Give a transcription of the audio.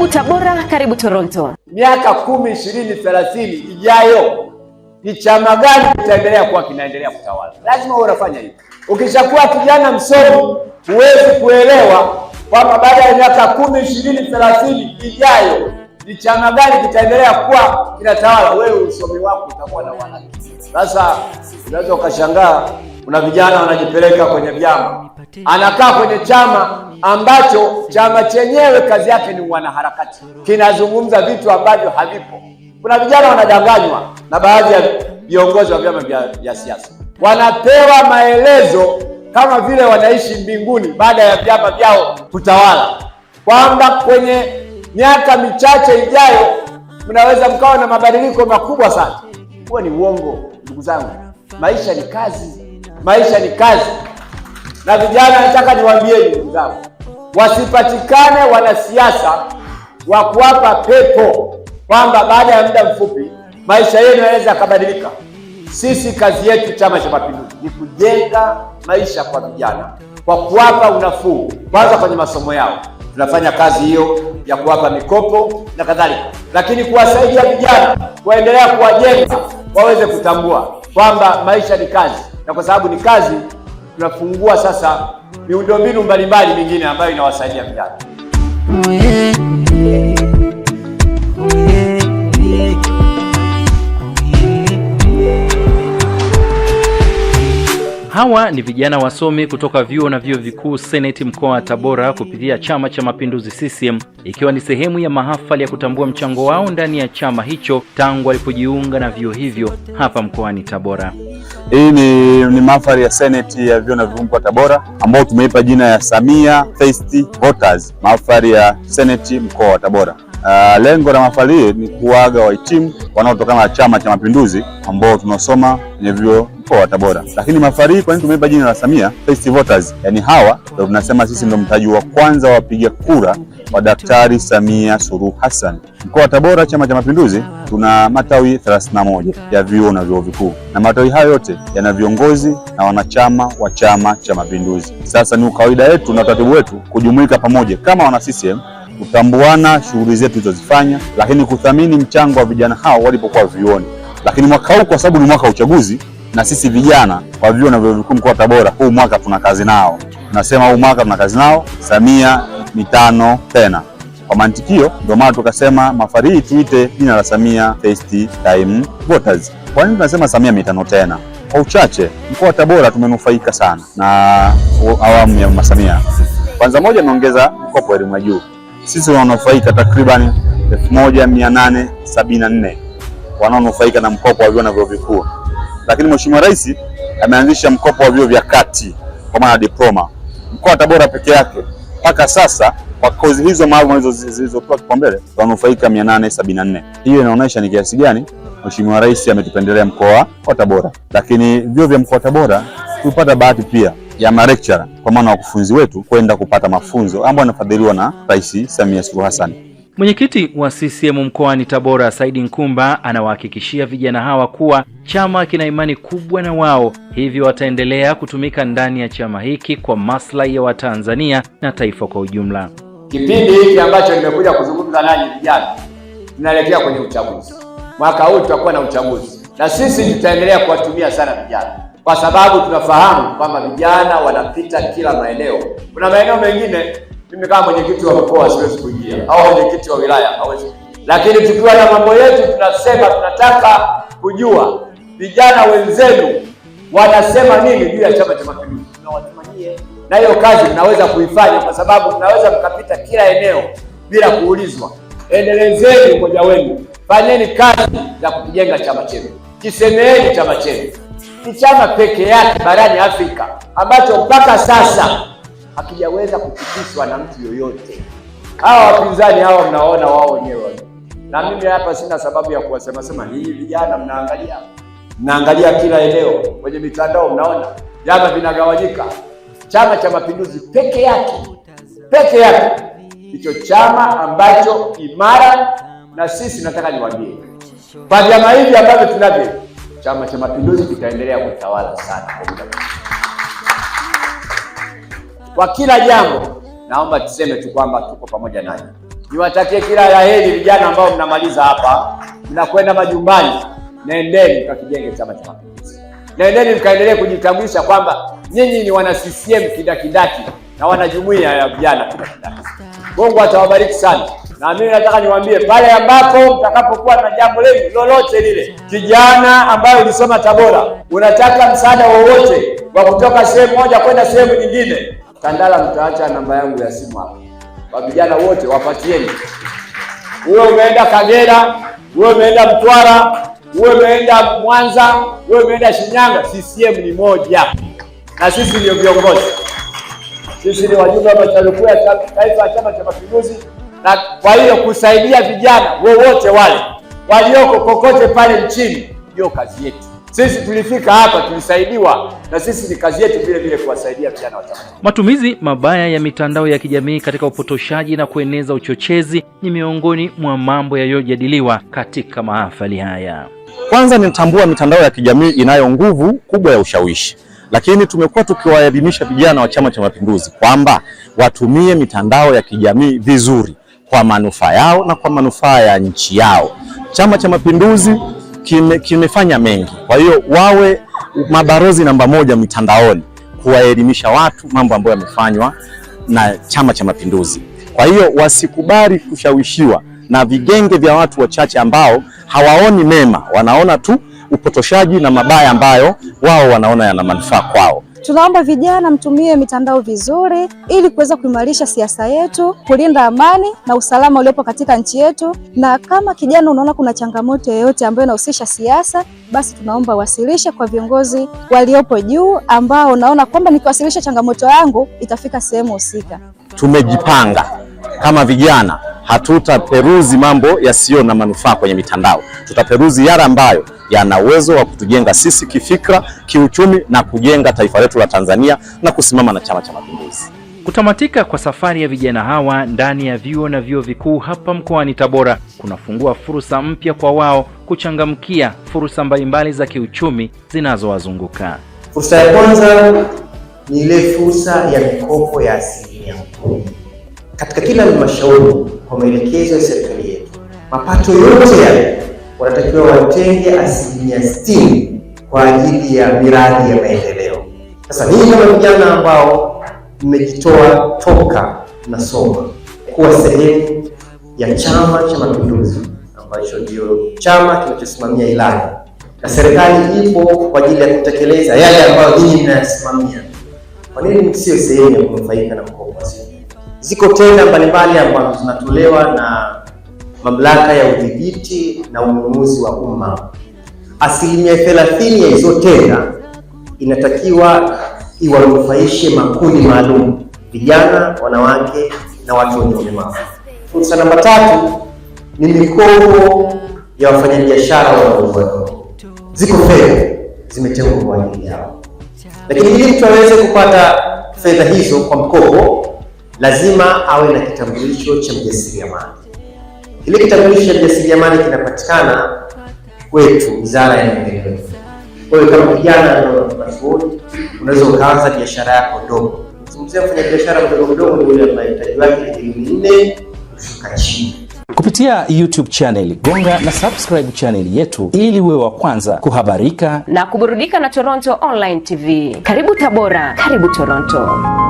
Karibu Tabora, karibu Toronto. Miaka kumi, ishirini, thelathini ijayo ni chama gani kitaendelea kuwa kinaendelea kutawala? Lazima wewe unafanya hivi. Ukishakuwa kijana msomi, huwezi kuelewa kwamba baada ya miaka kumi, ishirini, thelathini ijayo ni chama gani kitaendelea kuwa kinatawala. Wewe usomi wako utakuwa na maana. Sasa unaweza ukashangaa, kuna vijana wanajipeleka kwenye vyama, anakaa kwenye chama ambacho chama chenyewe kazi yake ni wanaharakati, kinazungumza vitu ambavyo havipo. Kuna vijana wanadanganywa na baadhi ya viongozi wa vyama vya siasa, wanapewa maelezo kama vile wanaishi mbinguni baada ya vyama vyao kutawala, kwamba kwenye miaka michache ijayo mnaweza mkawa na mabadiliko makubwa sana. Huo ni uongo, ndugu zangu. Maisha ni kazi, maisha ni kazi na vijana, nataka niwaambie ndugu zangu, wasipatikane wanasiasa wa kuwapa pepo kwamba baada ya muda mfupi maisha yenu yanaweza yakabadilika. Sisi kazi yetu Chama cha Mapinduzi ni kujenga maisha kwa vijana kwa kuwapa unafuu kwanza kwenye masomo yao. Tunafanya kazi hiyo ya kuwapa mikopo na kadhalika, lakini kuwasaidia vijana kuwaendelea kuwajenga waweze kutambua kwamba maisha ni kazi, na kwa sababu ni kazi, tunafungua sasa miundombinu mbalimbali mingine ambayo inawasaidia vijana. Hawa ni vijana wasomi kutoka vyuo na vyuo vikuu Seneti mkoa wa Tabora kupitia Chama cha Mapinduzi CCM, ikiwa ni sehemu ya mahafali ya kutambua mchango wao ndani ya chama hicho tangu walipojiunga na vyuo hivyo hapa mkoani Tabora. Hii ni, ni mahafali ya Seneti ya vyuo na vyuo mkoa wa Tabora ambao tumeipa jina ya Samia First Voters, mahafali ya Seneti mkoa wa Tabora. Uh, lengo la mahafali hii ni kuaga wahitimu wanaotokana na Chama cha Mapinduzi ambao tunasoma kwenye vyuo mkoa wa Tabora. Lakini mahafali hii kwa nini tumeipa jina la Samia First Voters? Yaani hawa ndio tunasema sisi ndio mtaji wa kwanza wa wapiga kura wa Daktari Samia Suluhu Hassan. Mkoa wa Tabora, Chama cha Mapinduzi tuna matawi 31 ya vyuo na vyuo vikuu, na matawi hayo yote yana viongozi na wanachama wa Chama cha Mapinduzi. Sasa ni kawaida yetu na utaratibu wetu kujumuika pamoja kama wana CCM kutambuana shughuli zetu tulizozifanya, lakini kuthamini mchango wa vijana hao walipokuwa vyuoni. Lakini mwaka huu kwa sababu ni mwaka wa uchaguzi, na sisi vijana wa vyuo na vyuo vikuu mkoa wa Tabora, huu mwaka tuna kazi nao, tunasema huu mwaka tuna kazi nao, Samia mitano tena. Kwa mantikio, ndio maana tukasema safari hii tuite jina la Samia First Time Voters. Kwa nini tunasema Samia mitano tena? Kwa uchache, mkoa wa Tabora tumenufaika sana na awamu ya Mama Samia. Kwanza moja, ameongeza mkopo elimu ya juu sisi wanaonufaika takribani 1874 wanaonufaika na mkopo wa vyuo na vyuo vikuu, lakini Mheshimiwa Rais ameanzisha mkopo wa vyuo vya kati kwa maana diploma. Mkoa wa Tabora peke yake mpaka sasa kwa kozi hizo maalum zilizopewa kipaumbele wanufaika 874. Hiyo inaonyesha ni kiasi gani Mheshimiwa Rais ametupendelea mkoa wa Tabora. Lakini vyuo vya mkoa wa Tabora tulipata bahati pia ya malecturer kwa maana wakufunzi wetu kwenda kupata mafunzo ambayo yanafadhiliwa na Rais Samia Suluhu Hassan. Mwenyekiti wa CCM mkoani Tabora, Saidi Nkumba, anawahakikishia vijana hawa kuwa chama kina imani kubwa na wao, hivyo wataendelea kutumika ndani ya chama hiki kwa maslahi ya Watanzania na taifa kwa ujumla. Kipindi hiki ambacho nimekuja kuzungumza nanyi vijana, tunaelekea kwenye uchaguzi. Mwaka huu tutakuwa na uchaguzi, na sisi tutaendelea kuwatumia sana vijana kwa sababu tunafahamu kwamba vijana wanapita kila maeneo. Kuna maeneo mengine mimi kama mwenyekiti wa mkoa siwezi kuingia au mwenyekiti wa wilaya hawezi, lakini tukiwa na mambo yetu tunasema tunataka kujua vijana wenzenu wanasema nini juu ya Chama cha Mapinduzi, na hiyo kazi mnaweza kuifanya kwa sababu mnaweza mkapita kila eneo bila kuulizwa. Endelezeni umoja wenu, fanyeni kazi za kukijenga chama chenu, kisemeeni chama chenu chama peke yake barani Afrika ambacho mpaka sasa hakijaweza kupitishwa na mtu yoyote. Hawa wapinzani hawa mnaona wao wenyewe, na mimi hapa sina sababu ya kuwasema sema. Hii vijana mnaangalia, mnaangalia kila eneo kwenye mitandao, mnaona vyama vinagawanyika. Chama cha Mapinduzi peke yake, peke yake hicho chama ambacho imara, na sisi nataka niwaambie kwa vyama hivi ambavyo tunavyo Chama cha Mapinduzi kitaendelea kutawala sana kwa kwa kila jambo. Naomba tuseme tu kwamba tuko pamoja nanyi. Niwatakie kila la heri vijana ambao mnamaliza hapa, mnakwenda majumbani, naendeni mkakijenge Chama cha Mapinduzi, naendeni mkaendelee kujitambulisha kwamba nyinyi ni wana CCM kidakidaki na wanajumuia ya vijana tu. Mungu atawabariki sana, na mimi nataka niwaambie pale ambapo mtakapokuwa na jambo lenu lolote lile, kijana ambaye ulisoma Tabora, unataka msaada wowote wa kutoka sehemu moja kwenda sehemu nyingine, Tandala, mtaacha namba yangu ya simu hapo, kwa vijana wote wapatieni. Wewe umeenda Kagera, wewe umeenda Mtwara, wewe umeenda Mwanza, wewe umeenda Shinyanga, CCM ni moja na sisi ndio viongozi sisi ni wajumbe wa halmashauri kuu ya taifa ya Chama cha Mapinduzi, na kwa hiyo kusaidia vijana wowote wale walioko kokote pale nchini ndio kazi yetu. Sisi tulifika hapa tulisaidiwa, na sisi ni kazi yetu vile vile kuwasaidia vijana wa chama. Matumizi mabaya ya mitandao ya kijamii katika upotoshaji na kueneza uchochezi ni miongoni mwa mambo yaliyojadiliwa katika mahafali haya. Kwanza, nitambua mitandao ya kijamii inayo nguvu kubwa ya ushawishi lakini tumekuwa tukiwaelimisha vijana wa Chama cha Mapinduzi kwamba watumie mitandao ya kijamii vizuri kwa manufaa yao na kwa manufaa ya nchi yao. Chama cha Mapinduzi kime, kimefanya mengi, kwa hiyo wawe mabalozi namba moja mitandaoni kuwaelimisha watu mambo ambayo yamefanywa na Chama cha Mapinduzi. Kwa hiyo wasikubali kushawishiwa na vigenge vya watu wachache ambao hawaoni mema, wanaona tu upotoshaji na mabaya ambayo wao wanaona yana manufaa kwao. Tunaomba vijana mtumie mitandao vizuri ili kuweza kuimarisha siasa yetu, kulinda amani na usalama uliopo katika nchi yetu. Na kama kijana unaona kuna changamoto yoyote ambayo inahusisha siasa, basi tunaomba wasilishe kwa viongozi waliopo juu, ambao unaona kwamba nikiwasilisha changamoto yangu itafika sehemu husika. Tumejipanga kama vijana, hatutaperuzi mambo yasiyo na manufaa kwenye mitandao, tutaperuzi yale ambayo yana uwezo wa kutujenga sisi kifikra, kiuchumi na kujenga taifa letu la Tanzania na kusimama na Chama cha Mapinduzi. Kutamatika kwa safari ya vijana hawa ndani ya vyuo na vyuo vikuu hapa mkoani Tabora kunafungua fursa mpya kwa wao kuchangamkia fursa mbalimbali za kiuchumi zinazowazunguka. Fursa ya kwanza ni ile fursa ya mikopo ya asilimia kumi katika kila halmashauri kwa maelekezo ya serikali yetu. Mapato yote yale wanatakiwa watenge asilimia sitini kwa ajili ya miradi ya maendeleo. Sasa ninyi kama vijana ambao mmejitoa toka na soma kuwa sehemu ya Chama cha Mapinduzi ambacho ndio chama kinachosimamia ilani na serikali ipo kwa ajili ya kutekeleza yale ambayo ninyi mnayasimamia, kwa nini sio sehemu ya kunufaika na mkopo? Ziko tenda mbalimbali ambazo zinatolewa na mamlaka ya udhibiti na ununuzi wa umma. Asilimia thelathini ya hizo tenda inatakiwa iwanufaishe makundi maalum: vijana, wanawake na watu wenye ulemavu. Fursa namba tatu ni mikopo ya wafanyabiashara wadogo. Ziko fedha zimetengwa kwa ajili yao, lakini ili mtu aweze kupata fedha hizo kwa mkopo, lazima awe na kitambulisho cha mjasiriamali. Ile kitambulisho cha mjasiriamali kinapatikana kwetu Wizara ya Maendeleo. Kwa hiyo kama kijana chuoni, unaweza ukaanza biashara yako ndogo. Zungumzia mfanya biashara mdogo mdogo ni yule ambaye mtaji wake ni milioni nne kushuka chini. Kupitia YouTube channel gonga na subscribe channel yetu ili uwe wa kwanza kuhabarika na kuburudika na Toronto Online TV. Karibu Tabora, karibu Toronto.